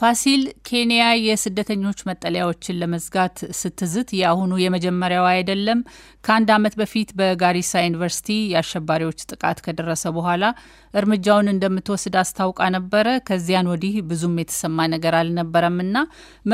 ፋሲል ኬንያ የስደተኞች መጠለያዎችን ለመዝጋት ስትዝት የአሁኑ የመጀመሪያው አይደለም። ከአንድ ዓመት በፊት በጋሪሳ ዩኒቨርሲቲ የአሸባሪዎች ጥቃት ከደረሰ በኋላ እርምጃውን እንደምትወስድ አስታውቃ ነበረ። ከዚያን ወዲህ ብዙም የተሰማ ነገር አልነበረምና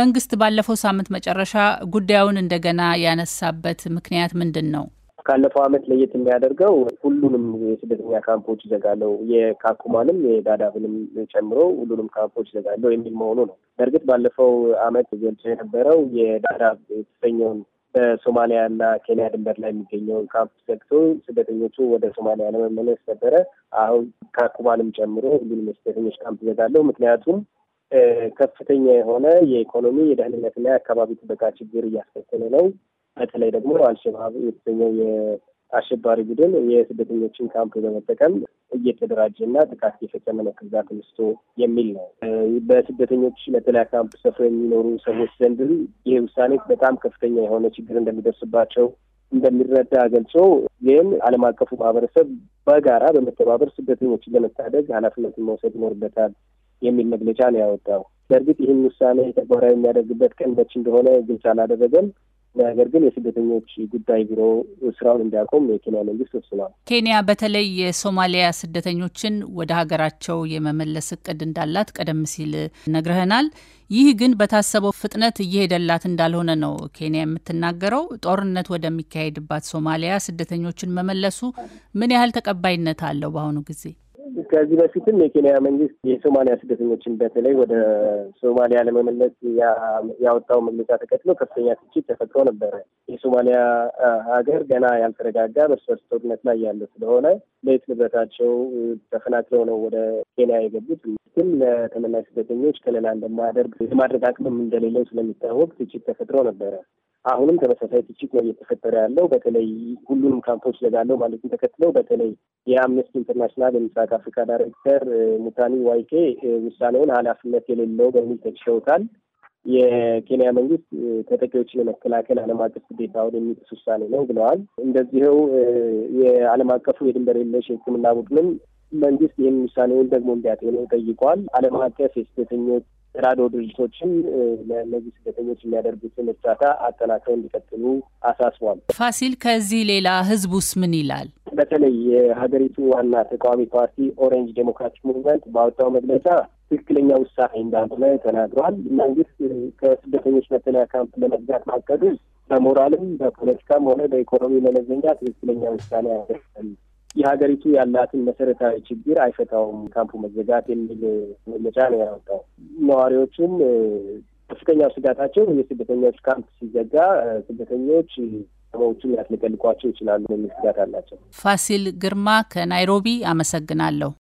መንግስት ባለፈው ሳምንት መጨረሻ ጉዳዩን እንደገና ያነሳበት ምክንያት ምንድን ነው? ካለፈው ዓመት ለየት የሚያደርገው ሁሉንም የስደተኛ ካምፖች ይዘጋለው የካኩማንም የዳዳብንም ጨምሮ ሁሉንም ካምፖች ይዘጋለው የሚል መሆኑ ነው። በእርግጥ ባለፈው አመት ገልጾ የነበረው የዳዳብ የተሰኘውን በሶማሊያና ኬንያ ድንበር ላይ የሚገኘውን ካምፕ ዘግቶ ስደተኞቹ ወደ ሶማሊያ ለመመለስ ነበረ። አሁን ካኩማንም ጨምሮ ሁሉንም የስደተኞች ካምፕ ይዘጋለው ምክንያቱም ከፍተኛ የሆነ የኢኮኖሚ የደህንነትና የአካባቢ ጥበቃ ችግር እያስከተለ ነው። በተለይ ደግሞ አልሸባብ የተሰኘው አሸባሪ ቡድን የስደተኞችን ካምፕ በመጠቀም እየተደራጀ እና ጥቃት እየፈጸመ ነው ከዛ ተነስቶ የሚል ነው። በስደተኞች መጠለያ ካምፕ ሰፍረው የሚኖሩ ሰዎች ዘንድም ይህ ውሳኔ በጣም ከፍተኛ የሆነ ችግር እንደሚደርስባቸው እንደሚረዳ ገልጾ ይህም ዓለም አቀፉ ማህበረሰብ በጋራ በመተባበር ስደተኞችን ለመታደግ ኃላፊነትን መውሰድ ይኖርበታል የሚል መግለጫ ነው ያወጣው። በእርግጥ ይህን ውሳኔ ተግባራዊ የሚያደርግበት ቀን መች እንደሆነ ግልጽ አላደረገም። ነገር ግን የስደተኞች ጉዳይ ቢሮ ስራውን እንዲያቆም የኬንያ መንግስት ወስኗል። ኬንያ በተለይ የሶማሊያ ስደተኞችን ወደ ሀገራቸው የመመለስ እቅድ እንዳላት ቀደም ሲል ነግረህናል። ይህ ግን በታሰበው ፍጥነት እየሄደላት እንዳልሆነ ነው ኬንያ የምትናገረው። ጦርነት ወደሚካሄድባት ሶማሊያ ስደተኞችን መመለሱ ምን ያህል ተቀባይነት አለው በአሁኑ ጊዜ? ከዚህ በፊትም የኬንያ መንግስት የሶማሊያ ስደተኞችን በተለይ ወደ ሶማሊያ ለመመለስ ያወጣው መግለጫ ተከትሎ ከፍተኛ ትችት ተፈጥሮ ነበረ። የሶማሊያ ሀገር ገና ያልተረጋጋ በእርስ በርስ ጦርነት ላይ ያለ ስለሆነ ቤት ንብረታቸው ተፈናቅለው ነው ወደ ኬንያ የገቡት። ግን ለተመላሽ ስደተኞች ከለላ እንደማያደርግ የማድረግ አቅምም እንደሌለው ስለሚታወቅ ትችት ተፈጥሮ ነበረ። አሁንም ተመሳሳይ ትችት ነው እየተፈጠረ ያለው በተለይ ሁሉንም ካምፖች ዘጋለው ማለት ተከትለው በተለይ የአምነስቲ ኢንተርናሽናል የምስራቅ አፍሪካ ዳይሬክተር ሙታኒ ዋይኬ ውሳኔውን ኃላፊነት የሌለው በሚል ተችሸውታል። የኬንያ መንግስት ተጠቂዎችን የመከላከል ዓለም አቀፍ ግዴታውን የሚጥስ ውሳኔ ነው ብለዋል። እንደዚህው የዓለም አቀፉ የድንበር የለሽ የሕክምና ቡድንም መንግስት ይህን ውሳኔውን ደግሞ እንዲያጤነው ጠይቋል። ዓለም አቀፍ የስደተኞች ራዶ ድርጅቶችም ለእነዚህ ስደተኞች የሚያደርጉትን እርዳታ አጠናክረው እንዲቀጥሉ አሳስቧል። ፋሲል፣ ከዚህ ሌላ ህዝቡስ ምን ይላል? በተለይ የሀገሪቱ ዋና ተቃዋሚ ፓርቲ ኦሬንጅ ዴሞክራቲክ ሙቭመንት ባወጣው መግለጫ ትክክለኛ ውሳኔ እንዳልሆነ ተናግሯል። መንግስት ከስደተኞች መጠለያ ካምፕ ለመዝጋት ማቀዱ በሞራልም በፖለቲካም ሆነ በኢኮኖሚ መመዘኛ ትክክለኛ ውሳኔ ያደርጋል የሀገሪቱ ያላትን መሰረታዊ ችግር አይፈታውም ካምፑ መዘጋት የሚል መግለጫ ነው ያወጣው። ነዋሪዎቹም ከፍተኛው ስጋታቸው የስደተኞች ካምፕ ሲዘጋ ስደተኞች ሰዎቹን ሊያስለቀልቋቸው ይችላሉ የሚል ስጋት አላቸው። ፋሲል ግርማ ከናይሮቢ አመሰግናለሁ።